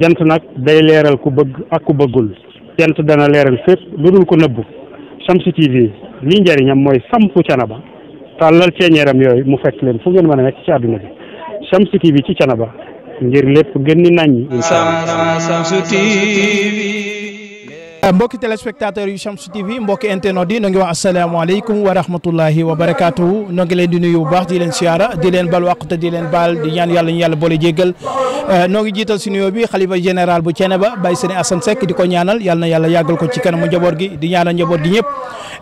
jant nag day leeral ku bëgg ak ku bëggul jant dana leeral fépp lu dul ko nëbbu Shamsu TV lii njëriñam mooy sampu canaba tàllal ceeñeeram yooyu mu fekk leen fu ngeen mën a nekk ci àdduna bi Shamsu TV ci canaba ngir lépp gën ni naññi. mbokki téléspectateur yu Shamsu TV mbokki internautes yi no ngi wax asalaamaaleykum wa rahmatullahi wa barakaatu leen di nuyu bu baax di leen siyaara di leen bal wàq te di leen baal di ñaan yàlla ñu yàlla boole jéggal noo euh, jiital si nuyoo bi xalifa général bu Thiénaba Baye Serigne Assane Seck di ko ñaanal yàlla na yàlla yàggal ko ci kanamu njaboot gi di ñaanal njaboot gi ñëpp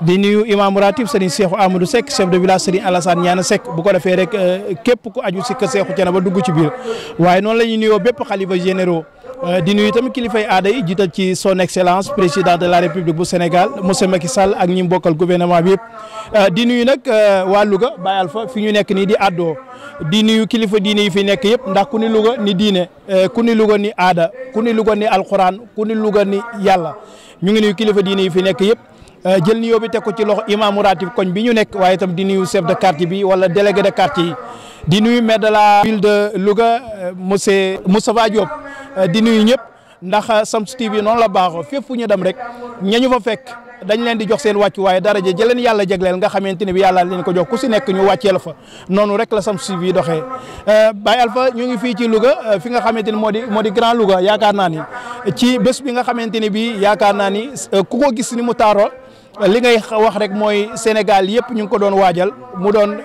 di nuyu imam ratib Serigne Cheikhou Amadou Seck chef de village Serigne Alassane ñaana Seck bu ko defee rek euh, képp dugg ci biir waaye noonu la ñuy nuyoo bépp xalifa Euh, di nuyu tamit kilifay aada yi jiital ci son excellence président de la république bu Sénégal monsieur Macky Sall ak ñi mbokkal gouvernement bi yëpp euh, di nuyu nag euh, waa Louga Baye Alpha fi ñu nekk nii di àddoo di nuyu kilifa diine yi fi nekk yëpp ndax ku ni Louga ni diine ku ni Louga ni aada ku ni Louga ni alxuraan ku ni Louga ni yàlla ñu ngi nuyu kilifa diine yi fi nekk yëpp. jël nuyoo bi teg ci loxo imaamu ratib koñ bi ñu nekk waaye itam di nuyu chef de quartier bi wala délégué de quartier di nuyu maire de la ville de Louga monsieur Moustapha Diop. Euh, di nuyu ñëpp ndax euh, Shamsu TV noonu la baaxoo fépp fu ñu dem rek ñañu fa fekk dañ leen di jox seen wàccu waaye daraja jëleen yàlla jegleel nga xamante ne bi yàlla leen ko jox ku si nekk ñu wàcceel fa noonu rek la Shamsu TV doxee euh, Baye Alpha ñu ngi fii ci luga fi nga xamante ni moo di moo di Grand Louga yaakaar naa ci bés bi nga xamante ni bi yaakaar naa ni ku ko gis ni mu taaroo li ngay wax rek mooy Sénégal yëpp ñu ngi ko doon waajal mu doon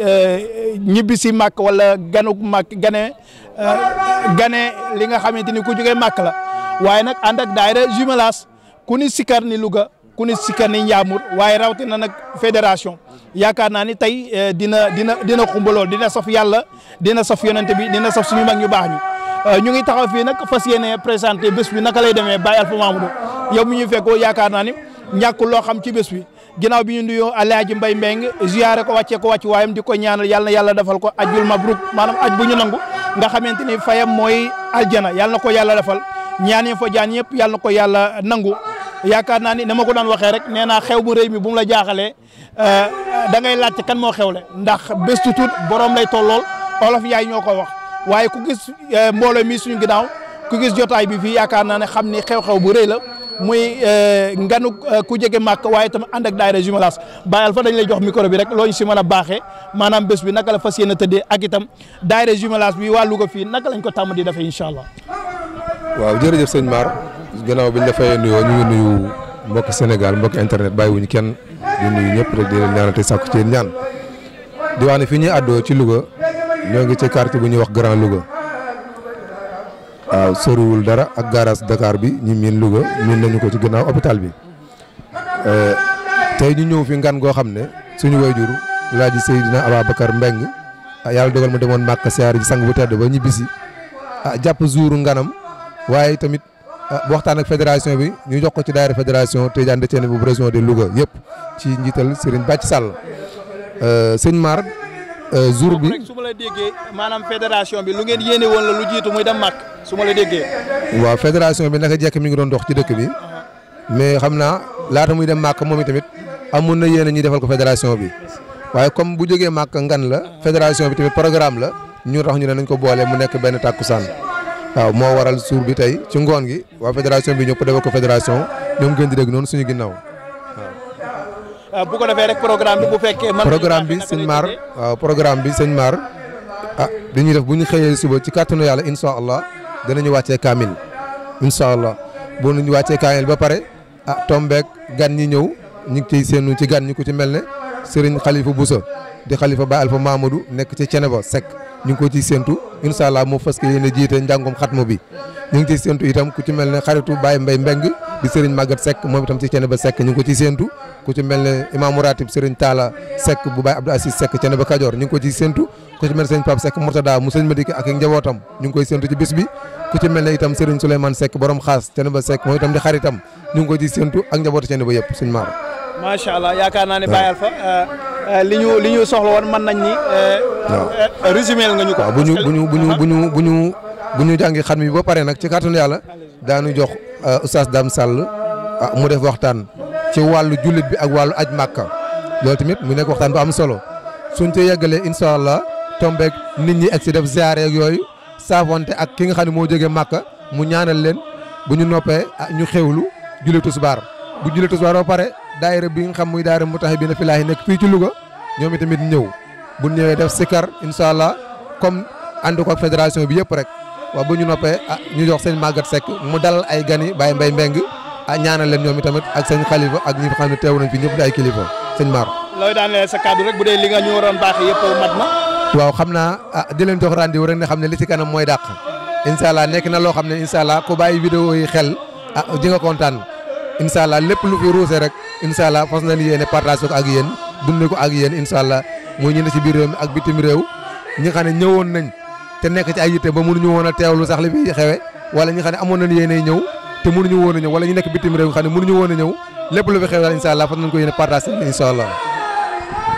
Euh, ñibbi si màkk wala ganuk màkk gane euh, gane li nga xamante ni ku jógee màkk la waaye nag ànd ak daayira jumelage ku ni sikar ni Louga ku ni sikar ni Njaamur waaye rawatina nag fédération yaakaar naa ni tey euh, dina dina dina xumbalool dina saf yàlla dina saf yonente bi dina saf suñu mag ñu baax ñu ñu ngi taxaw fii nag fas yéene présenté bés bi naka lay demee Baye Alpha Mamadou yow mi ñu fekkoo yaakaar naa ni ñàkkul loo xam ci bés bi ginnaaw bi ñu nuyoo Alaaji Mbay Mbeng ziyaare ko wàccee ko wàcc waayam di ko ñaanal yàlla na yàlla defal ko ajjul mabruk maanaam aj bu ñu nangu nga xamante ni fayam mooy aljana yàlla na ko yàlla defal ñaan yi fa jaan yëpp yàlla na ko yàlla nangu yaakaar naa ni na ko daan waxee rek nee naa xew bu rëy mi bu mu la jaaxalee euh, da ngay laajte kan moo xewle ndax bés tuut borom lay tollool olof yaay ñoo ko wax waaye ku gis euh, mboolo mi suñu ginnaaw ku gis jotaay bi fii yaakaar naa ne xam ni xew-xew bu rëy la muy euh, nganu euh, ku jege màkk waaye tam ànd ak daayira Jumelage Baye Alpha dañ lay jox micro bi rek loo ñu si man a baaxee maanaam bés bi naka la fas yéene tëddee ak itam daayira Jumelage bi waa Louga fii naka lañ ko tàmm di defee incha allah. waaw jërëjëf sëñ Mar gannaaw biñ la fayee ñu ngi nuyu mbokk Sénégal mbokki internet bàyyiwuñu kenn di nuyu ñëpp rek di leen ñaanal te ñaan di wax ne ñuy àddoo ci Louga ñoo ngi ci quartier bu ñuy wax Grand Louga. waaw soriwul dara ak garas Dakar bi ñu miin Louga miin nañu ko ci gannaaw hôpital bi eh, te ñu ñëw fi ngan goo xam ne suñu wayjur laaji Seydina Ababacar Mbeng yàlla dogal ma demoon Màkka siyaar ji sang bu tedd ba ñibbisi ah jàpp jouru nganam waaye tamit ah, waxtaan ak fédération bi ñu jox ko ci daayira fédération Tidiane Déthiéne bu région de Louga yëpp ci njiital Serigne Bàcc Sall eh, sëñ Mar Euh, jour bi maanaam fédération bi lu ngeen yéene woon la lu jiitu muy dem màkk su la déggee. waaw fédération bi naka jekk mi ngi doon dox ci dëkk bi mais xam naa laata muy dem màkk moom itamit amoon na yéene ñuy defal ko fédération bi waaye comme bu jógee màkk ngan la fédération bi tamit programme la ñu tax ñu ne nañ ko boolee mu nekk benn tàkku saan waaw moo waral jour bi tey ci ngoon gi waa fédération bi ñëpp defal ko fédération ñoom gën di noonu suñu ginnaaw. Euh, bu ko defee rek programme bi bu fekkee. programme bi sëñ Mar waaw programme bi sëñ Mar ah dañuy def bu ñu xëyee suba ci kàttanu yàlla incha allah danañu wàccee kaamil incha allah boo ñu wàccee kaamil ba pare a ah, tombeek gan ñi ñëw ñu ngi ciy séenu ci gan ñi ku ci mel ne Serigne Khalifa Boussa di Khalifa Ba Alpha Mamadou nekk ci Ceneba Seck ñu ngi ko ci séentu incha allah moo fas yéene jiite njàngum xatmu bi ñu ngi ciy séentu itam ku ci mel ne xaritu bay Mbaye Mbeng di Serigne Maguette Seck moom itam ci Thiénaba Seck ñu ko ci séentu ku ci mel ne imaamu ratib Serigne Talla Seck bu Baye Abdou Assis Seck Thiénaba Kajoor ñu ngi ci séentu ku ci mel ne Serigne Pape Seck Mourtada mu Serigne Madike ak njabootam ñu ngi koy séentu ci bis ku ci mel ne itam Serigne Souleymane Seck borom xaas Thiénaba Seck moom itam di xaritam ñu ngi ci séentu ak njabootu Thiénaba yëpp suñu maara macha allah yaakaar naa ne Baye euh, euh, li ñu soxla woon bu ñu jàngi xam mi ba pare nag ci kàttanu yàlla daanu jox euh, oustaz Dame Sall euh, mu def waxtaan ci wàllu jullit bi ak wàllu aj màkka loolu tamit mu nekk waxtaan bu am solo suñ ci yeggalee incha allah tombeek nit ñi ak si def ziare yooyu saafonte ak ki nga xam ne moo jógee màkka mu ñaanal leen bu ñu noppee ah, ñu xewlu julli tisbaar bu julli tisbaar ba pare daayira bi nga xam muy daayira mu tax bi na filaahi nekk fii ci Louga ñoom itamit ñëw bu ñëwee def sikar incha allah comme ànd ko bi yëpp rek waaw bu ñu noppee a ah, ñu jox seen màggat sekk mu dalal ay gani Baye mbay Mbeng a ah, ñaanal leen ñoom itamit ak seen xalifa ak ñi nga xam ne teew nañ fi ñëpp di ay kilifa sëñ Mar. looy daaneel sa kàddu rek bu dee li nga ñu waroon baax yëpp mat na. waaw xam naa a ah, di leen jox rendez-vous rek ne xam ne li ci kanam mooy dàq incha allah nekk na loo xam ne incha allah ku bàyyi vidéo yi xel ah ji nga kontaan incha allah lépp lu fi ruuse rek incha allah fas na ni yéene partage ko ak yéen dund ko ak yéen incha allah mooy ñenn ci biir réew mi ak bitim réew ñi nga xam ne nañ te nekk ci ay yitte ba mënuñu woon teew lu sax li fi xewe wala xam ne amoon nañu yéenay ñëw te mënuñu woon a ñëw wala ñu nekk bitim réew xam a ñëw lépp lu fi xew daal incha allah fas nañ ko yéene partage incha allah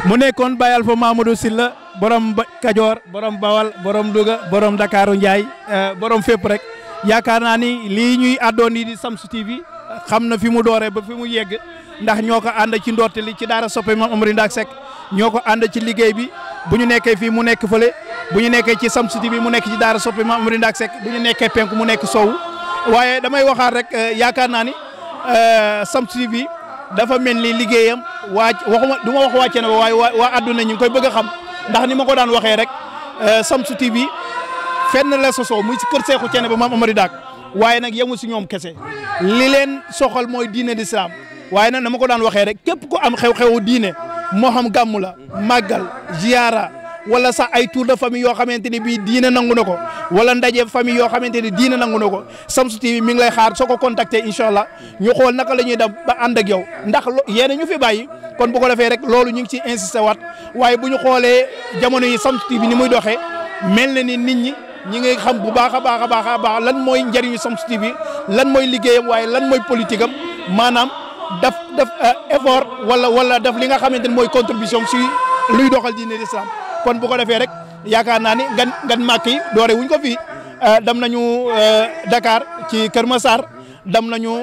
mu nekkoon Baye Alpha Mamadou Sylla borom Kajoor borom Bawal borom Louga borom Dakaru Ndiaye eh, borom fépp rek yaakaar naa ni lii ñuy àddoon yi di Shamsu bi xam na fi mu dooree ba fi mu yegg ndax ñoo ko ànd ci ndoorte li ci daara soppe moom Amary Ndack Seck ñoo ko ànd ci liggéey bi bu ñu nekkee fii mu nekk fële bu ñu nekkee ci Shamsu TV bi mu nekk ci Daara Sopi Mame Amary Ndack Seck bu ñu nekkee penku mu nekk sowu waaye damay waxaat rek euh, yaakaar naa ni euh, Shamsu TV bi dafa mel ni liggéeyam waa waxuma ma wax wàcce na ba waaye waa àdduna ñu ngi koy bëgg a xam ndax ni ma ko daan waxee rek euh, Shamsu TV bi fenn la sosoo muy si kër Seexu Cene ba Mame Amary Ndack waaye nag yemul si ñoom kese li leen soxal mooy diine d'islam waaye nag na ma ko daan waxee rek képp ko am xew-xewu diine moo xam gàmmu la màggal ziyaara wala sax ay tour de famille yoo xamante ni bii diine nangu na ko wala ndaje famille yoo xamante ni diine nangu na ko Shamsu TV mi ngi lay xaar soo ko contacter incha allah ñu xool naka la ñuy dem ba ànd ak yow ndax yéen ñu fi bàyyi kon bu ko defee rek loolu ñu ngi ciy insisté waat waaye bu ñu xoolee jamono yi Shamsu TV ni muy doxee mel na ni nit ñi ñi ngi xam bu baax a baax a baax a baax lan mooy njëriñu Shamsu TV lan mooy liggéeyam waaye lan mooy politique am daf daf euh, effort wala wala daf li nga xamante ni mooy contribution si luy doxal diine l'islam kon bu ko defee rek yaakaar naa ni gan gan màkk yi doore wuñ ko fii euh, dem nañu euh, Dakar ci Kër Massar dem nañu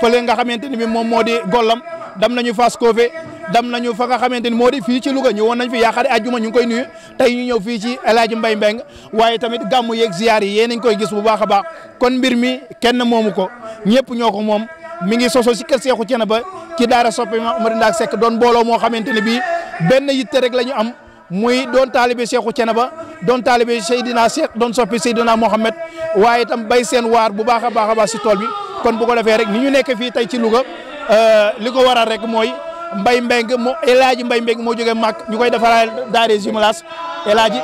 fële nga xamante ni bi moom moo di Gollam dem nañu Fass Kofé dem nañu fa nga xamante ni moo di fii ci Louga ñu woon nañ fi yaakaar ajjuma ñu ngi koy nuyu tey ñu ñëw fii ci El mbay Mbaye Mbengue waaye tamit gàmmu yeeg ziyaar yi yéen nañ koy gis bu baax a baax kon mbir mi kenn moomu ko ñëpp ñoo ko moom mi ngi soso si kër Seexu Thiénaba ci daar soppe Omar Ndak Seck doon mbooloo moo xamante ne bii benn yitte rek la ñu am muy doon taalibe Seexu Thiénaba doon taalibe Seydina Seex doon soppe Seydina Mohamed waaye itam bay seen waar bu baax a baax a baax si tool bi kon bu ko rek ni ñu nekk fii tey ci Louga euh, li ko waral rek mooy mbay mbeng moo El Hadj Mbay Mbeng moo jógee màkk ñu koy defaraal daare Jumelaas El Hadj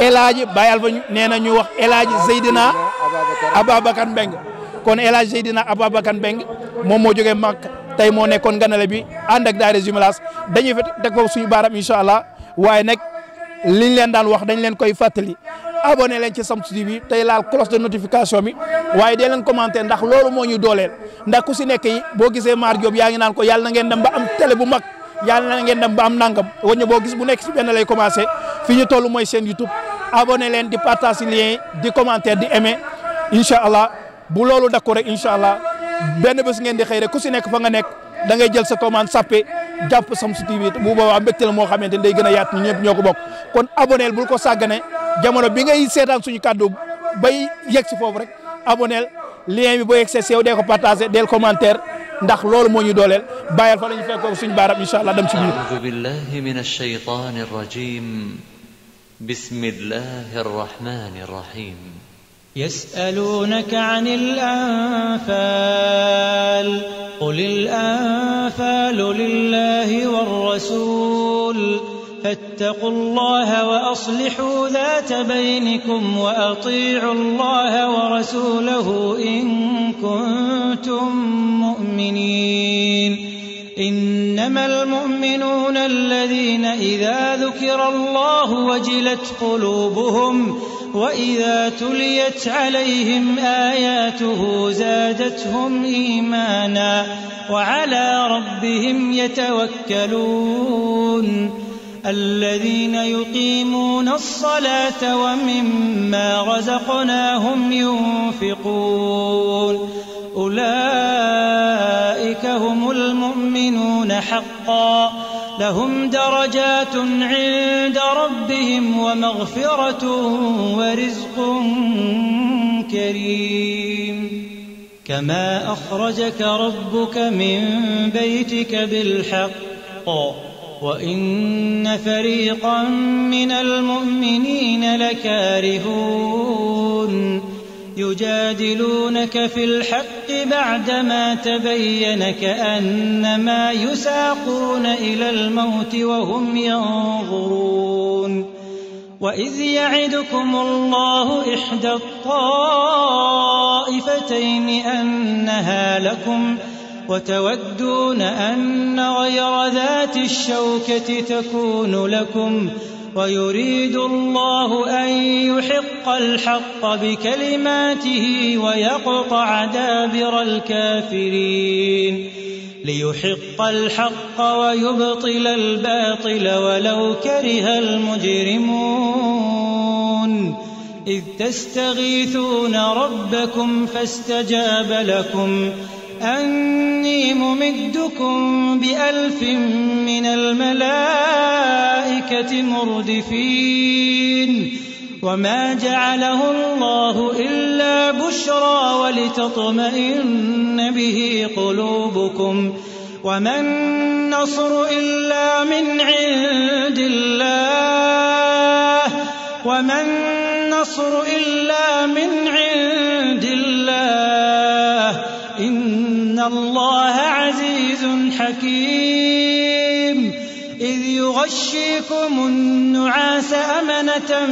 El Hadj Baye Alfa nee na ñu wax El Hadj Seydina Ababacar Mbeng kon El Hadj Seydina Ababacar Mbengue moom moo jógee mag tey moo nekkoon ganale bi ànd ak daayira jumelage dañuy teg foofu suñu baaram incha allah waaye nag liñ leen daan wax dañ leen koy fàttali abonné leen ci Shamsu TV bi tey laal cloche de notification bi waaye dee leen commenté ndax loolu moo ñu dooleel ndax ku si nekk boo gisee Mar Diop yaa ngi naan ko yàlla na ngeen dem ba am télé bu mag yàlla na ngeen dem ba am nangam waññi boo gis bu nekk si benn lay commencé fi ñu toll mooy seen YouTube abonné leen di partage lien di commentaire di aimé incha allah bu lolou d'accord rek inshallah ben bes ngeen di xey rek ku ci nek fa nga nek da ngay jël sa toomaan sappe jàpp Shamsu TV bu boobaa wa mbettel mo xamanteni day gëna yaat ñepp ñoko bok kon abonnel bu ko sagane jamono bi ngay sétan suñu cadeau bay yex ci fofu rek abonnel lien bi bo yegg see sew dee ko partager del commentaire ndax lolou mo ñu dolel bayal fa lañu fekk fekkoon suñu baram inshallah dem ci biir aoudu billahi min alcheytan arrajim bismillahi arrahmani arrahim يسألونك عن الأنفال قل الأنفال لله والرسول فاتقوا الله وأصلحوا ذات بينكم وأطيعوا الله ورسوله إن كنتم مؤمنين إنما المؤمنون الذين إذا ذكر الله وجلت قلوبهم وإذا تليت عليهم آياته زادتهم إيمانا وعلى ربهم يتوكلون الذين يقيمون الصلاة ومما رزقناهم ينفقون أولئك هم المؤمنون حقا لهم درجات عند ربهم ومغفرة ورزق كريم كما أخرجك ربك من بيتك بالحق وإن فريقا من المؤمنين لكارهون يجادلونك في الحق بعدما تبين كأنما يساقون إلى الموت وهم ينظرون وإذ يعدكم الله إحدى الطائفتين أنها لكم وتودون أن غير ذات الشوكة تكون لكم ۖ ويريد الله أن يحق الحق بكلماته ويقطع دابر الكافرين ليحق الحق ويبطل الباطل ولو كره المجرمون إذ تستغيثون ربكم فاستجاب لكم أني ممدكم بألف من الملائكة مردفين وما جعله الله إلا بشرى ولتطمئن به قلوبكم وما النصر إلا من عند الله وما النصر إلا من عند الله الله عزيز حكيم إذ يغشيكم النعاس أمنة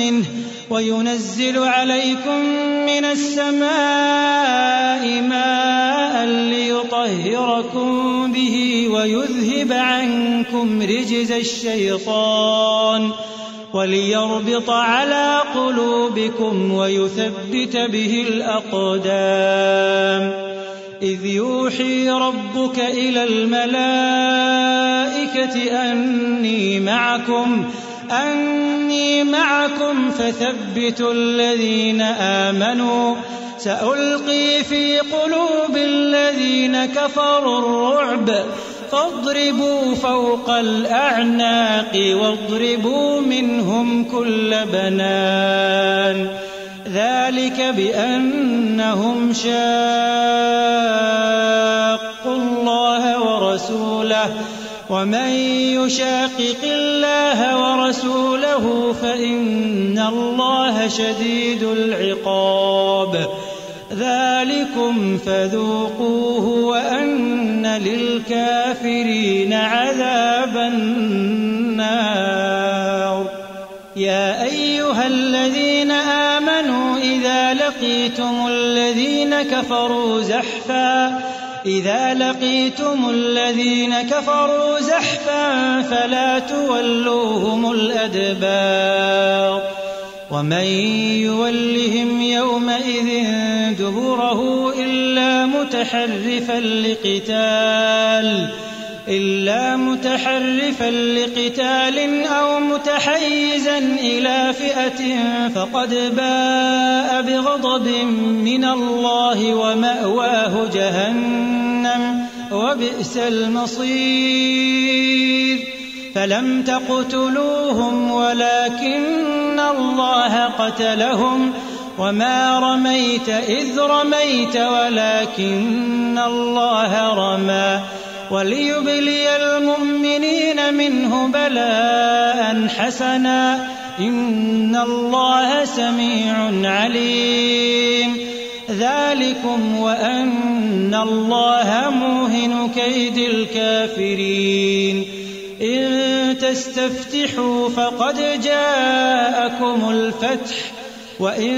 منه وينزل عليكم من السماء ماء ليطهركم به ويذهب عنكم رجز الشيطان وليربط على قلوبكم ويثبت به الأقدام إذ يوحي ربك إلى الملائكة أني معكم أني معكم فثبتوا الذين آمنوا سألقي في قلوب الذين كفروا الرعب فاضربوا فوق الأعناق واضربوا منهم كل بنان ذلك بأنهم شاقوا الله ورسوله ومن يشاقق الله ورسوله فإن الله شديد العقاب ذلكم فذوقوه وأن للكافرين عذاب النار يا أيها الذين آمنوا إذا لقيتم الذين كفروا زحفا إذا لقيتم الذين كفروا زحفا فلا تولوهم الأدبار ومن يولهم يومئذ دبره إلا متحرفا لقتال إلا متحرفا لقتال أو متحيزا إلى فئة فقد باء بغضب من الله ومأواه جهنم وبئس المصير فلم تقتلوهم ولكن الله قتلهم وما رميت إذ رميت ولكن الله رمى وليبلي المؤمنين منه بلاء حسنا إن الله سميع عليم ذلكم وأن الله موهن كيد الكافرين إن تستفتحوا فقد جاءكم الفتح وإن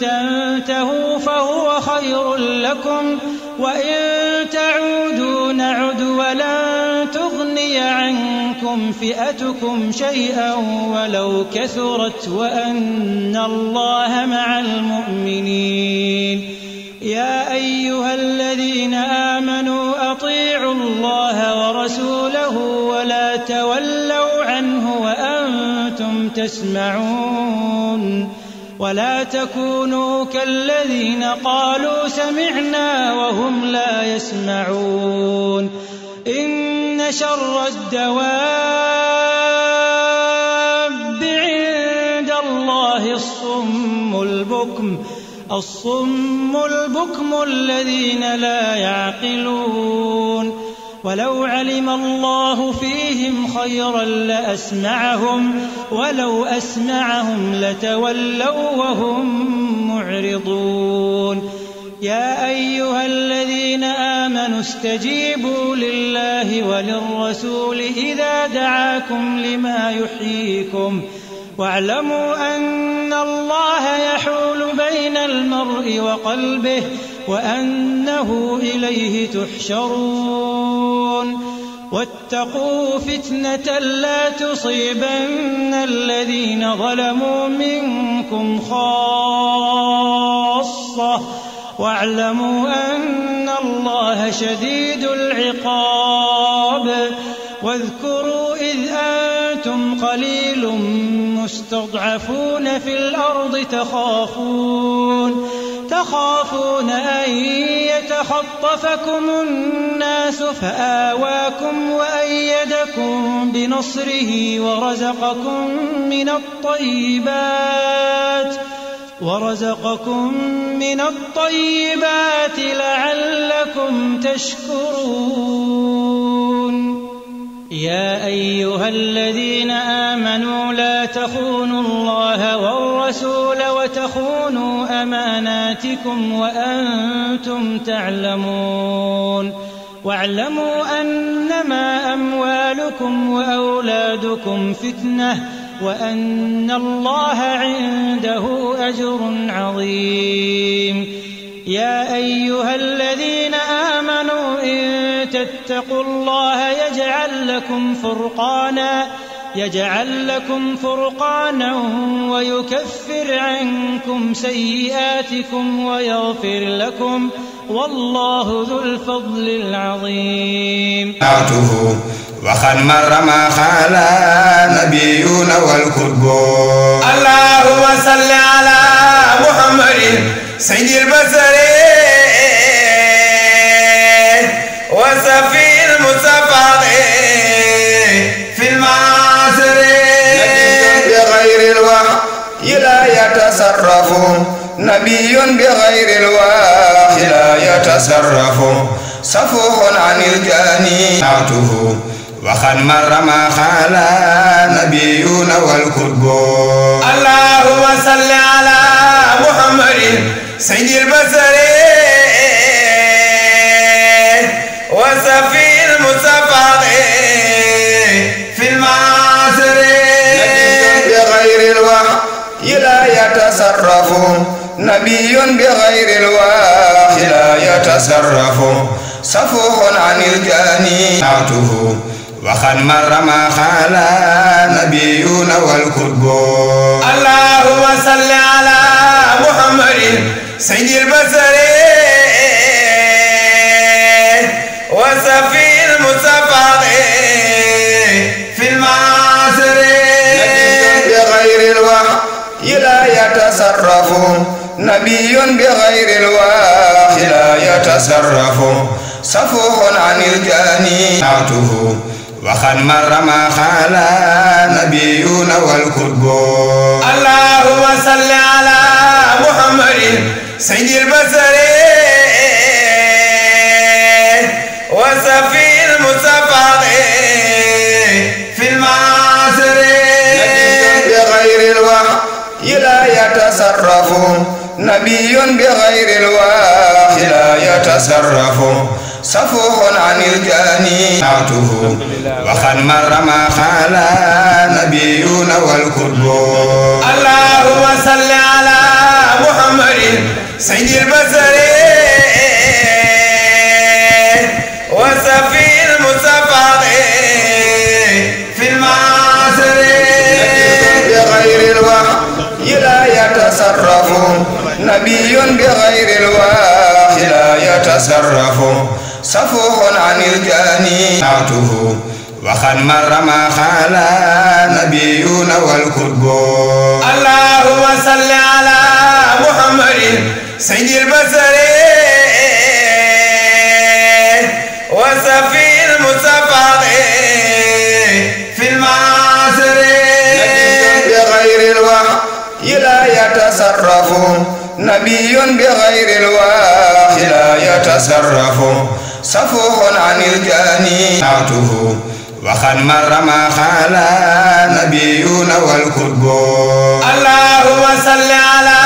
تنتهوا فهو خير لكم وإن تعودوا نعد ولن تغني عنكم فئتكم شيئا ولو كثرت وأن الله مع المؤمنين يا أيها الذين آمنوا أطيعوا الله ورسوله ولا تولوا عنه وأنتم تسمعون ولا تكونوا كالذين قالوا سمعنا وهم لا يسمعون إن شر الدواب عند الله الصم البكم الصم البكم الذين لا يعقلون ولو علم الله فيهم خيرا لأسمعهم ولو أسمعهم لتولوا وهم معرضون يا أيها الذين آمنوا استجيبوا لله وللرسول إذا دعاكم لما يحييكم واعلموا أن الله يحول بين المرء وقلبه وأنه إليه تحشرون واتقوا فتنة لا تصيبن الذين ظلموا منكم خاصة واعلموا أن الله شديد العقاب واذكروا إذ أنتم قليل مستضعفون في الأرض تخافون تخافون أن يتخطفكم الناس فآواكم وأيدكم بنصره ورزقكم من الطيبات ورزقكم من الطيبات لعلكم تشكرون يا أيها الذين آمنوا لا تخونوا الله والرسول وتخونوا أماناتكم وأنتم تعلمون واعلموا أنما أموالكم وأولادكم فتنة وأن الله عنده أجر عظيم يا أيها الذين آمنوا إن تتقوا الله يجعل لكم فرقاناً يجعل لكم فرقانا ويكفر عنكم سيئاتكم ويغفر لكم والله ذو الفضل العظيم وخن مر ما خالا نبيون والكتب اللهم صل على محمد سيد البصر وسفي المصطفى يتصرف نبي بغير الواح لا يتصرف صفوح عن الجاني نعته وخن مر ما خالى نبيون والكتب اللهم صل على محمد سيد البصر وسفي المصفق في المعاصر نبي بغير الوحي لا يتصرف نبي بغير الواح لا يتصرف صفوح عن الجاني نعته وخن مر ما خالى نبيون والكتب اللهم صل على محمد سيد البصري سمعته وخن مر ما قال نبينا والكتب اللهم صل على محمد سيد البصر وسفي المصطفى في المعاصر بغير الوحي لا يتصرف نبي بغير الوحي لا يتصرف صفوح عن الجاني عته وخن مر ما قال نبيون والكتب اللهم صل على محمد سيد البصر وسفي المصطفى في المعاصر بغير الوحي لا يتصرف نبي بغير الوحي لا يتصرف صفوح عن الجاني نعته وخن مر ما خلا نبيون والكتب اللهم صل على محمد سيد البصر وسفي المصطفى في المعاصر بغير الوحي لا يتصرف نبي بغير الوحي لا يتصرف سفوح عن الجاني نعته وخن مر ما خال نبيون والكتب اللهم صل على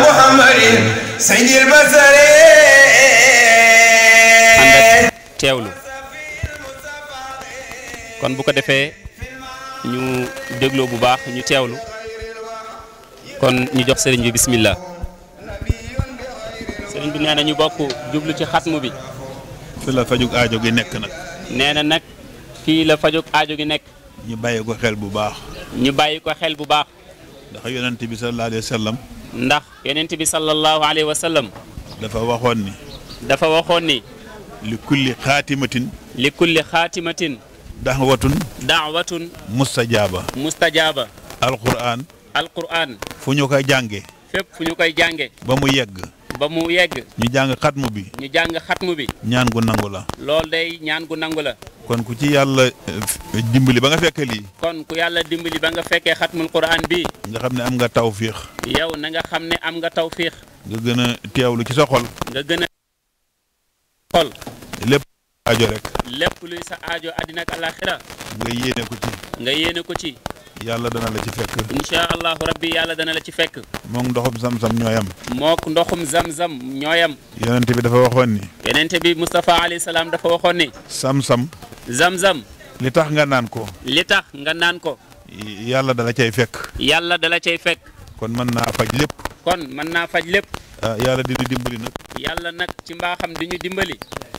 محمد سيد البصر teewlu kon bu ko defee ñu dégloo bu baax ñu teewlu kon ñu jox sëriñ bi bismillah sëriñ bi ñu bokk jublu ci xatmu bi fi la fajug aajo gi nekk nag. nee na nag fii la fajug aajo gi nekk. ñu bàyyi ko xel bu baax. ñu bàyyi ko xel bu baax. ndax yonent bi sallallahu ndax yonent bi sallallahu alayhi wa sallam. dafa waxoon ni. dafa waxoon ni. li kulli xaatimatin. li kulli xaatimatin. daawatun. daawatun. mustajaaba. mustajaaba. alqur'aan. alqur'aan. fu ñu koy jàngee. fépp fu ñu koy jàngee. ba mu yegg. ba mu yegg. ñu jàng xatmu bi. ñu jàng xatmu bi. ñaan gu nangu la. lool day ñaan gu nangu la. kon ku ci yàlla eh, dimbali ba nga fekk lii. kon ku yàlla dimbali ba nga fekkee xatmul quraan bi nga xam ne am nga tawfiix. yow na nga xam ne am nga tawfiix. nga gën a lu ci sa xol. nga gën a xol. lépp aajo rek. lépp luy sa ajo àddina ak àllaaxira nga yéene ko ci. nga yéene ko ci. yàlla dana la ci fekk. incha allahu rabbi yàlla dana la ci fekk. mook ndoxum zamzam ñooyam. mook ndoxum zamzam ñooyam. yonent bi dafa waxoon ni. yonent bi Moustapha alayhi salaam dafa waxoon ni. samsam. zamzam. li tax nga naan ko. li tax nga naan ko. yàlla dala cay fekk. yàlla dala cay fekk. kon mën naa faj lépp. kon mën naa faj lépp. ah yàlla di ñu dimbali nag. yàlla nag ci mbaaxam di ñu dimbali.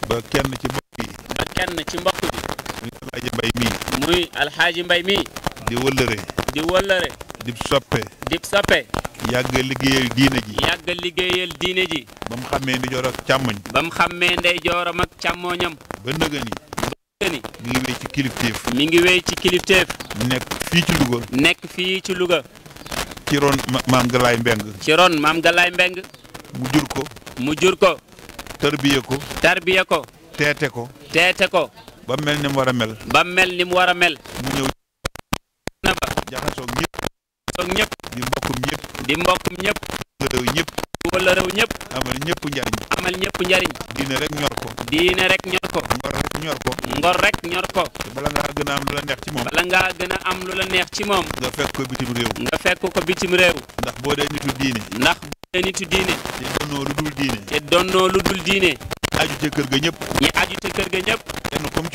ba kenn ci mbokk muy alxaaji mbay mii. muy alxaaji mbay mii. di wëllëre. di wëllëre. dib soppe. dib soppe. yàgg liggéeyal diine ji. yàgg liggéeyal diine ji. ba mu xàmmee ndeyjoor ak càmmoñ. ba mu xàmmee ndeyjooram ak càmmoñam. ba nëgë ni. mi ngi wéy ci kilifteef. mi ngi wéy ci kilifteef. nekk fii ci Louga. nekk fii ci Louga. ci ron maam Galaay Mbeng. ci ron Mbeng. mu jur ko. mu jur ko. tarbiye ko. tarbiye ko. teete ko. teete ko. ba mel ni mu war a mel. ba mel ni mu war a mel. mu ñëw na ba. jaxasoog ñëpp. jaxasoog ñëpp. di mbokkum ñëpp. di mbokkum ñëpp. wala réew ñëpp. wala amal ñëpp njariñ. amal ñëpp njariñ. diine rek ñor ko. diine rek ñor ko. ngor rek ñor ko. ngor rek ñor ko. bala ngaa gën a am lu la neex ci moom. bala ngaa gën a am lu la neex ci moom. nga fekk ko bitim réew. nga fekk ko bitim réew. ndax boo dee nitu diine. ndax boo dee nitu diine. te donnoo lu dul diine. te donnoo lu dul diine. aju ca kër ga ñëpp. ñi aju ca kër ga ñëpp. kenn kum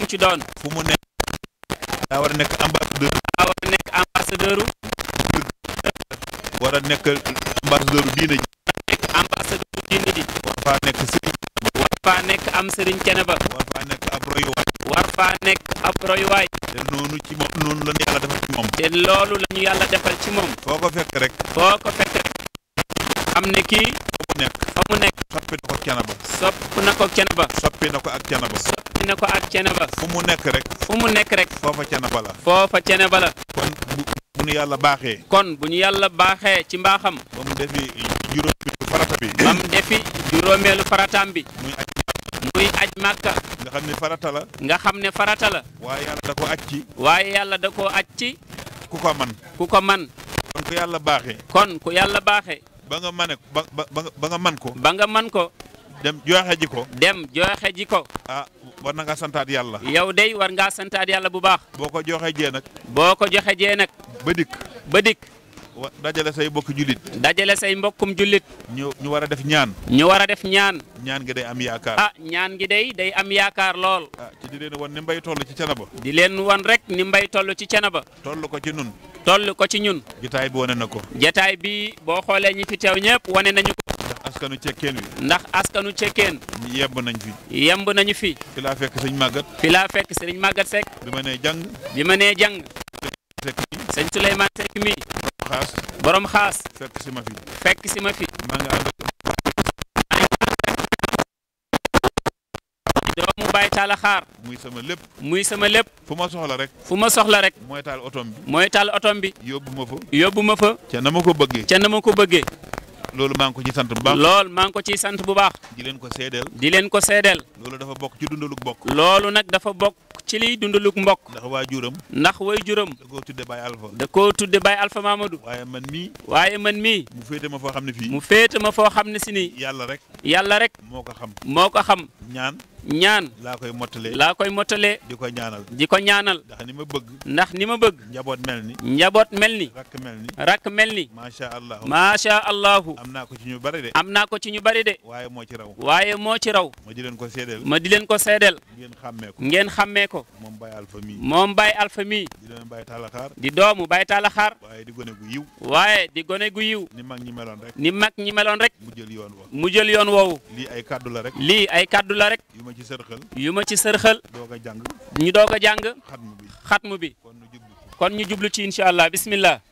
ci ci doon. fu mu nekk. war a nekk ambassadeur. daa nekk ambassadeur. war a nekk ambassadeur diine ji. nekk ambassadeur diine ji. nekk am sëriñ Ceneba. war faa nekk ab royuwaay. war faa nekk te noonu ci moom noonu la yàlla defal ci moom. te loolu la yàlla defal ci moom. foo ko fekk rek. xam na kii nekk fa mu nekk soppi na ko Thiénaba na ko Thiénaba soppi na ko ak Thiénaba soppi na ko ak Thiénaba fu mu nekk rek fu mu nekk rek foofa Thiénaba la foofa Thiénaba la kon bu ñu yàlla baaxee kon bu ñu yàlla baaxee ci mbaaxam ba mu defi juróomeelu farata farataam bi muy aj màkka nga xam ne farata la nga xam ne farata la waaye yàlla da ko waaye yàlla da koo aj ci ku ko man ku ko man kon ku yàlla baaxee kon ku yàlla baaxee ba nga mën ba ba nga man ko. ba nga man ko. dem jooxe ji ko. dem jooxe ji ko. ah war na ngaa santaat yàlla. yow day war ngaa santaat yàlla bu baax. boo ko joxe jee nag. boo ko joxe jee nag. ba dikk ba dikk. wa dajale say mbokk jullit. dajale say mbokkum jullit. ñu ñu war a def ñaan. ñu war a def ñaan. ñaan gi day am yaakaar. ah ñaan gi day day am yaakaar lool. ah ci di leen wan ni mbay toll ci canaba. di leen wan rek ni mbay toll ci canaba. toll ko ci nun toll ko ci ñun. jotaay bi wane na ko. jataay bi boo xoolee ñi fi teew ñëpp wane nañu ko. ndax askanu cekkeen wi. ndax askanu cekkeen. yemb nañ fi. yemb nañu fi. fi fekk sëñ Maguette. fi laa fekk sëñ Maguette Seck. bi ma nee jàng. bi ma nee jàng. sëñ Souleymane Seck mi. borom xaas. borom xaas. fekk si ma fi. fekk si ma fi. doomu Baye Talla Xaar. muy sama lépp. muy sama lépp. fu ma soxla rek. fu ma soxla rek. mooy taal otom mooy taal otom bi. yóbbu ma fa. yóbbu ma fa. ca na ma ko bëggee. ca na ma ko bëggee. loolu maa ko ciy sant bu baax. loolu maa ngi ko ciy sant bu baax. di leen ko seedeel. di leen ko seedeel. loolu dafa bokk ci dundaluk bokk. loolu nag dafa bokk ci liy dundaluk mbokk. ndax waa juram. ndax way juram. da koo tudde Baye Alpha. da koo tudde Baye waaye man mii. waaye man mii. mu féete ma foo xam ne fii. mu féete ma foo xam ne si yàlla rek. yàlla rek. moo ko xam. moo ko xam. ñaan. ñaan laa koy mottalee laa koy mottalee di ko ñaanal di ko ñaanal ndax ni ma bëgg ndax ni ma bëgg njaboot mel ni njaboot mel ni rakk mel ni rakk mel ni macha allah macha allah am naa ko ci ñu bari de am naa ko ci ñu bari de waaye moo ci raw waaye moo ci raw ma di leen ko seedeel ma di leen ko seedeel ngeen xàmmee ko ngeen xàmmee ko moom Baye Alpha mii moom Baye Alpha mii di doomu Baye Talaxaar di doomu Baye Talaxaar waaye di gone gu yiw waaye di gone gu yiw ni mag ñi meloon rek mag ñi meloon rek mu jël yoon woowu mu jël yoon woowu lii ay kaddu la rek lii ay kaddu la rek ci sërxal. yu ma ci sërxal. doog a jàng. ñu doog a jàng. xatmu bi xatmu bi. kon ñu jublu ci incha allah bismillah.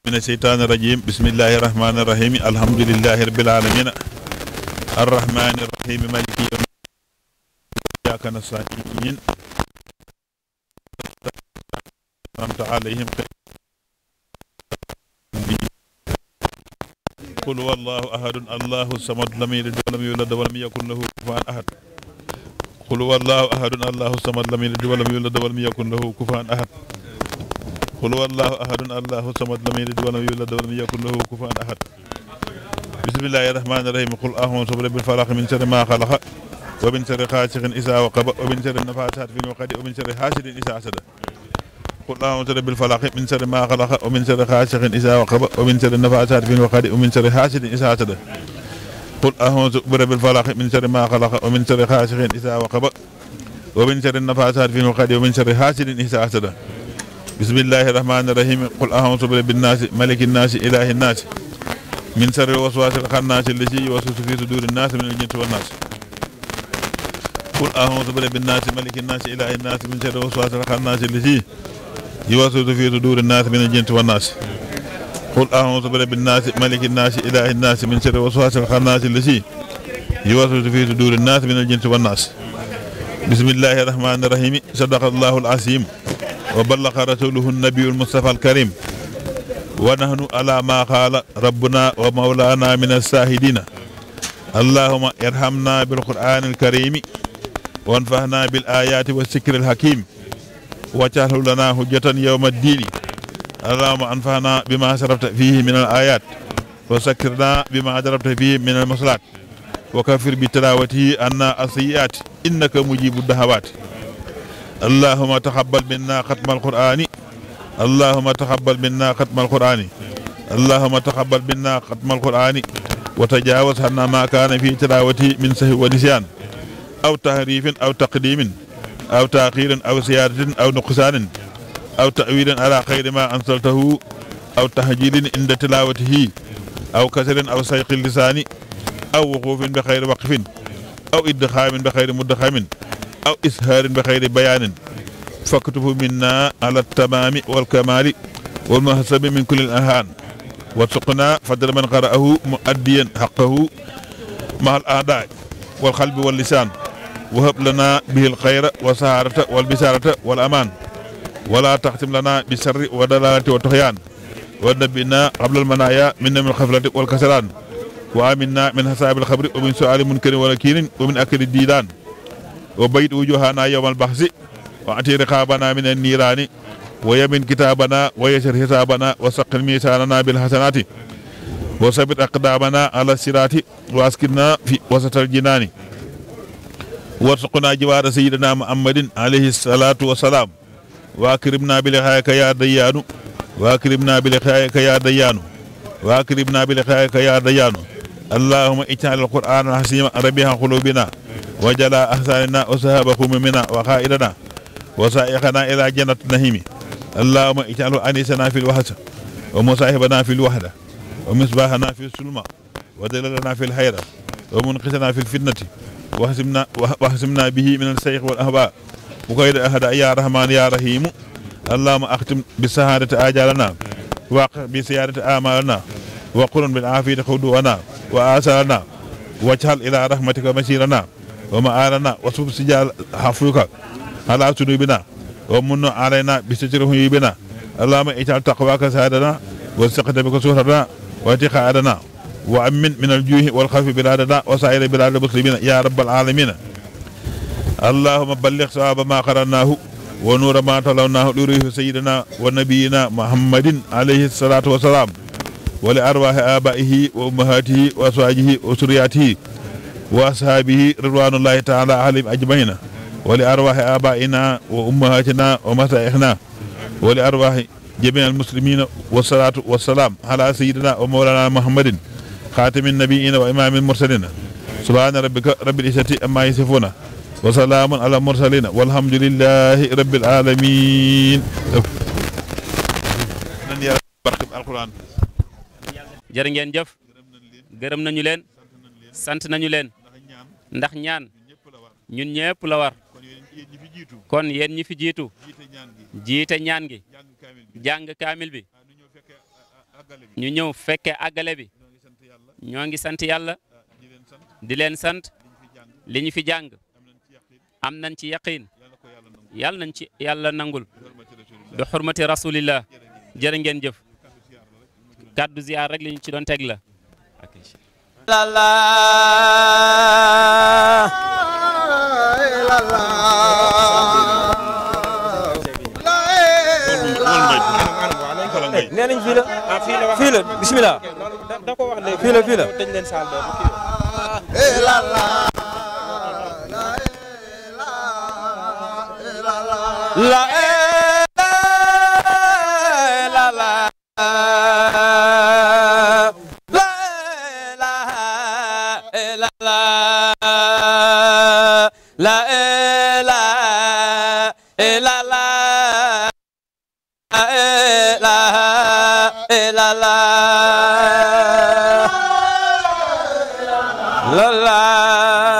من الشيطان الرجيم بسم الله الرحمن الرحيم الحمد لله رب العالمين الرحمن الرحيم مالك يوم إياك نستعين أنعمت عليهم قل والله أحد الله الصمد لم يلد ولم يولد ولم يكن له كفوا أحد قل هو الله أحد الله الصمد لم يلد ولم يولد ولم يكن له كفوا أحد قل هو الله أحد الله الصمد لم يلد ولم يولد ولم يكن له كفوا أحد بسم الله الرحمن الرحيم قل أعوذ برب الفلق من شر ما خلق ومن شر غاسق إذا وقب ومن شر النفاثات في العقد ومن شر حاسد إذا حسد قل أعوذ برب الفلق من شر ما خلق ومن شر غاسق إذا وقب ومن شر النفاثات في العقد ومن شر حاسد إذا حسد قل أعوذ برب الفلق من شر ما خلق ومن شر حاسد إذا وقب ومن شر النفاثات في العقد ومن شر حاسد إذا حسد بسم الله الرحمن الرحيم قل أعوذ برب الناس ملك الناس إله الناس من شر الوسواس الخناس الذي يوسوس في صدور الناس من الجنس والناس قل أعوذ برب الناس ملك الناس إله الناس من شر الوسواس الخناس الذي يوسوس في صدور الناس من الجنس والناس قل أعوذ برب الناس ملك الناس إله الناس من شر الوسواس الخناس الذي يوسوس في صدور الناس من الجنس والناس بسم الله الرحمن الرحيم صدق الله العظيم وبلغ رسوله النبي المصطفى الكريم ونحن على ما قال ربنا ومولانا من الساهدين اللهم ارحمنا بالقرآن الكريم وانفعنا بالآيات والسكر الحكيم وجعله لنا حجة يوم الدين اللهم أنفعنا بما شربت فيه من الآيات وسكرنا بما جربت فيه من المصلات وكفر بتلاوته عنا السيئات إنك مجيب الدهوات اللهم تقبل منا ختم القرآن اللهم تقبل منا ختم القرآن اللهم تقبل منا ختم القرآن وتجاوز عنا ما كان في تلاوته من سهو ونسيان أو تهريف أو تقديم أو تأخير أو زيادة أو نقصان أو تأويل على خير ما أنزلته أو تهجيل عند تلاوته أو كسر أو سيق اللسان أو وقوف بخير وقف أو إدخام بخير مدخام أو إسهار بخير بيان فاكتب منا على التمام والكمال والمهسب من كل الأهان وسقنا فضل من قرأه مؤديا حقه مع الأعداء والقلب واللسان وهب لنا به الخير والسهارة والبسارة والأمان ولا تحتم لنا بسر ودلالة وطغيان ونبينا قبل المنايا منا من الخفلة والكسران وآمنا من حساب الخبر ومن سؤال منكر ونكير ومن أكل الديدان وبيت وجوهنا يوم البحث وأتي رقابنا من النيران ويمن كتابنا ويسر حسابنا وسق ميساننا بالحسنات وثبت أقدامنا على الصراط وأسكننا في وسط الجنان وارزقنا جوار سيدنا محمد عليه الصلاة والسلام واكرمنا بلقائك يا ديان واكرمنا بلقائك يا ديان واكرمنا بلقائك يا ديان اللهم اجعل القرآن حسيما ربيع قلوبنا وجلاء أحساننا وسهاب منا وخائرنا وسائقنا إلى جنة النهيم اللهم اجعل أنيسنا في الوحدة ومصاحبنا في الوحدة ومصباحنا في السلمة ودللنا في الحيرة ومنقذنا في الفتنة واهزمنا به من السيخ والأهواء وغير أحد يا رحمن يا رحيم اللهم أختم بسهادة آجالنا واقف بسيادة آمالنا وقرن بالعافية خدونا وآسالنا وجهل إلى رحمتك مسيرنا ومآلنا وصف سجال حفوك على سنوبنا ومن علينا بستره بنا اللهم اجعل تقواك سهدنا والسقط بك سهرنا واتقادنا وأمن من الجوه والخوف بلادنا وسائر بلاد المسلمين يا رب العالمين اللهم بلغ صواب ما قرناه ونور ما تلوناه لروح سيدنا ونبينا محمد عليه الصلاة والسلام ولأرواح آبائه وأمهاته وأزواجه وسرياته وأصحابه رضوان الله تعالى عليهم أجمعين ولأرواح آبائنا وأمهاتنا ومسائحنا ولأرواح جميع المسلمين والصلاة والسلام على سيدنا ومولانا محمد خاتم النبيين وإمام المرسلين سبحان ربك رب العزة أما يصفون وسلام على المرسلين والحمد لله رب العالمين jërë ngeen jëf gërëm nañu leen sant nañu leen ndax ñaan ñun ñepp la war kon yeen ñi fi jitu jité ñaan gi jang kamil bi ñu ñew fekke àggale bi ñoo ngi sant yalla di leen sant liñ fi jang am nañ ci yaqiin yàlla nañ ci yàlla nangul bi xurmati rasulillah jërë ngeen jëf kàddu ziyaar ci doon teg la Eh, la la la la la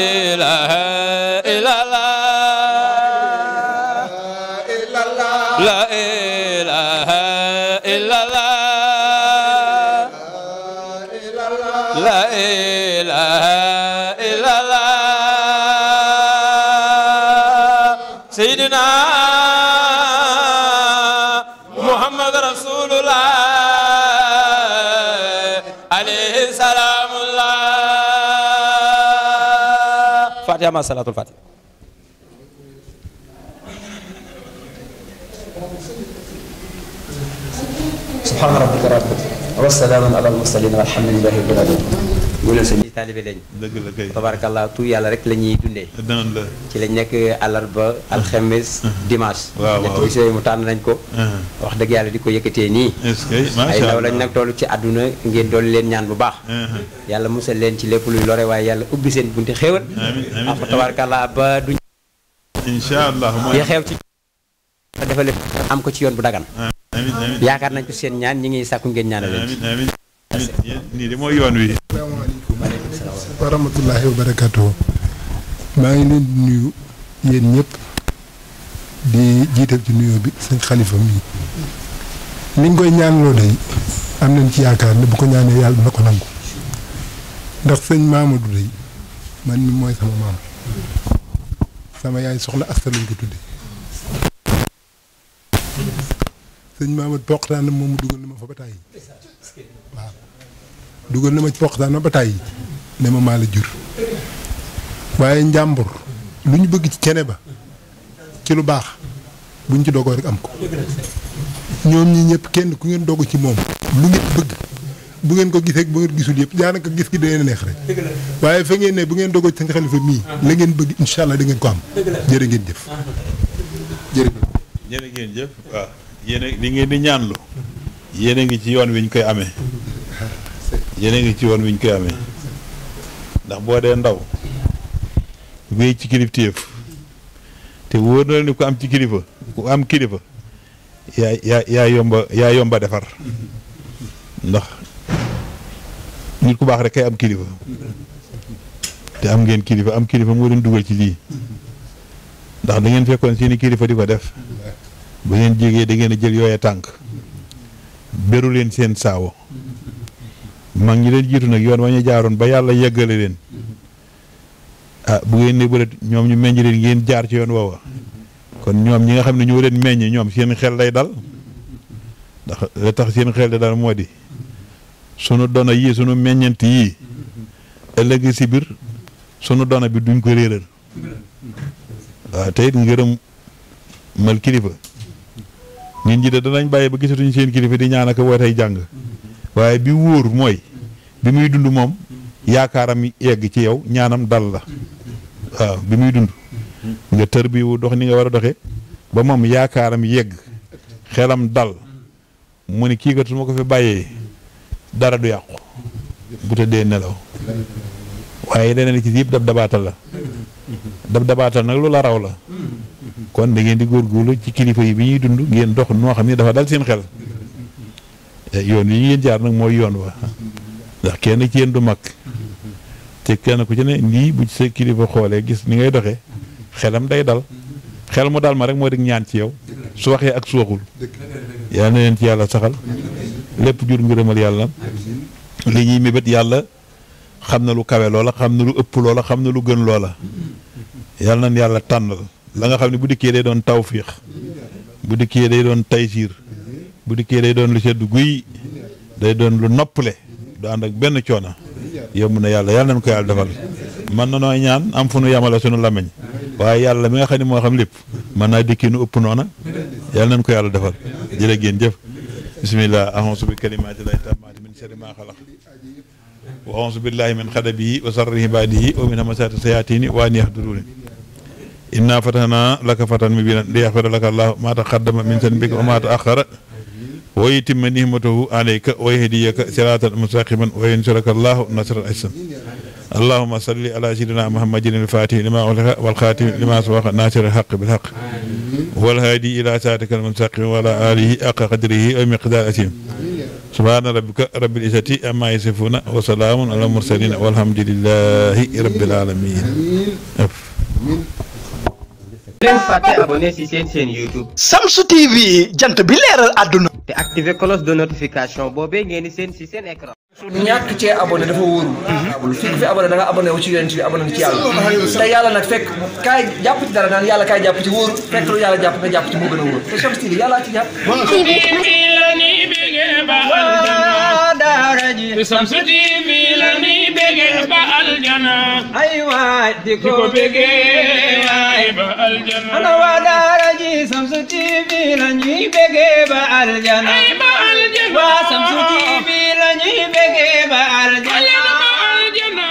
الفاتحة ما صلاة الفاتحة سبحان ربك رب العزة وسلام على المرسلين والحمد لله رب العالمين mu ne sañuy taalibe lañ dëgg la yàlla rek la ñuy dundee daan la ci lañ nekk àllarba alxemes uh-huh. uh-huh. dimaas waaw waaw ñett yooyu mu tànn nañ ko uh-huh. wax dëgg yàlla di ko yëkkatee nii ay ndaw lañ nag toll ci àdduna ngeen dool leen ñaan bu baax yàlla musal leen ci lépp luy lore waaye yàlla ubbi seen bunti xéewal ak tabarakallaa ba duñ incha allah yi xew ci defale am ko ci yoon bu dagan yaakaar nañ ko seen ñaan ñi ngi sàkku ngeen ñaanal leen mooy yoon wi wa rahmatullahi wa barakatuhu maa ngi leen di nuyu yéen ñëpp di jiital ci nuyoo bi sëñ xalifa mii ni ñu koy ñaanloo day am nañ ci yaakaar ne bu ko ñaanee yàlla dina ko nangu ndax sëñ Mamadou day man mi mooy sama maam sama yaay soxna asta lañ ko tudde sëñ Mamadou poqtaanam moom mu dugal na ma fa ba tàyyi dugal na ma ci poqtaanam ba tàyyi ne ma la jur waaye njàmbur lu ñu bëgg ci cene ba ci lu baax buñ ci dogoo rek am ko ñoom ñi ñëpp kenn ku ngeen dogu ci moom lu ngeen bëgg bu ngeen ko gisee bu ngeen gisul yëpp daanaka gis gi dana neex rek waaye fa ngeen ne bu ngeen dogoo ci seen xalifa mii la ngeen bëgg incha allah da ngeen ko am jërë ngeen jëf jërë ngeen jëf waaw yéen li ngeen di ñaanlu yéen a ngi ci yoon wi ñu koy amee yéen ngi ci yoon wi koy amee ndax boo dee ndaw wéy ci kilifteef te wóor na ni ku am ci kilifa ku am kilifa yaa ya yomba yaa yomba defar ndax nit ku baax rek kay am kilifa te am ngeen kilifa am kilifa moo leen dugal ci lii ndax dangeen ngeen fekkoon seeni kilifa di ko def ba ngeen jégee da ngeen a jël yooye tànk beru leen seen saawo mag ñi leen jiitu nag yoon wa ñu jaaroon ba yàlla yeggale leen ah bu ngeen ne ñoom ñu meññ leen ngeen jaar ci yoon woowa kon ñoom ñi nga xam ne ñoo leen meññ ñoom seen xel lay dal ndax la tax seen xel di dal moo di sunu dona yii sunu meññent yii ëllëg si biir sunu dona bi duñ ko réeral waaw te it ngërëm mal kilifa nit ñi de danañ bàyyi ba gisatuñ seen kilifa di ñaan ak wootey jàng waaye bi wóor mooy bi muy dund moom yaakaaram yegg ci yow ñaanam dal la waaw bi muy dund nga tër bi wu dox ni nga war a doxee ba moom yaakaaram yegg xelam dal mu ni kii kat su ma ko fi bàyyee dara du yàqu bu dee nelaw waaye leneen ci yëpp dab dabaatal la dab dabaatal nag lu la raw la kon da ngeen di góorgóorlu ci kilifa yi bi ñuy dund ngeen dox noo xam ne dafa dal seen xel yoon yi ngeen jaar nag mooy yoon wa ndax kenn ci yéen du mag te kenn ku ci ne nii bu ci xoolee gis ni ngay doxee xelam day dal xel mu dal ma rek moo di ñaan ci yow su waxee ak su waxul yal na leen ci yàlla saxal lépp jur ngërëmal yàlla li ñuy mébét yàlla xam na lu kawe loola xam na lu ëpp loola xam na lu gën loola yal nan yàlla tànnal la nga xam ne bu dikkee day doon tawfiix bu dikkee day doon taysiir bu dikkee day doon lu sedd guy day doon lu noppale du ànd ak benn coono yomb na yàlla yàlla nañ ko yàlla defal man na noo ñaan am fu nu yamale sunu làmmiñ waaye yàlla mi nga xam ne moo xam lépp man naa dikki nu ëpp noona yàlla nañ ko yàlla defal jërë ngeen jëf bismillah ahonsu bi kalimaati lay tamaati min sharri maa xalaq wa ahonsu billahi min xadabihi wa sarri ibaadihi wa min hamasaati sayaatini wa an yahduruni inna fatahna laka fatan mubiinan ويتم نهمته عليك ويهديك صراطا مستقيما وينصرك الله نصر الاسلام اللهم صل على سيدنا محمد الفاتح لما والخاتم لما سبق ناصر الحق بالحق والهادي الى ساتك المستقيم وعلى اله اق قدره ومقدار اثيم سبحان ربك رب العزة اما يصفون وسلام على المرسلين والحمد لله رب العالمين leen fàtte abonné ci seen chaîne YouTube. Shamsu TV jant bi leeral àdduna. te activer cloche de notification boobee ngeen di seen ci seen écran. ñàkk cee abonné dafa wóoru fii ku fi abonné da nga abonné wu ci yonent bi abonné ci yàlla te yàlla nag fekk kaay jàpp ci dara naan yàlla kaay jàpp ci wóoru fekk lu yàlla jàpp nga jàpp ci moo gën a wóor te Shamsu TV yàllaa ci jàpp daara ji Shamsu TV la ni bégee ba aljana ay waay di ko bégee waay ba aljana ana waa daara ji Shamsu TV la ñuy bégee ba aljana ay ba aljana waa Shamsu TV la ñuy bégee ba aljana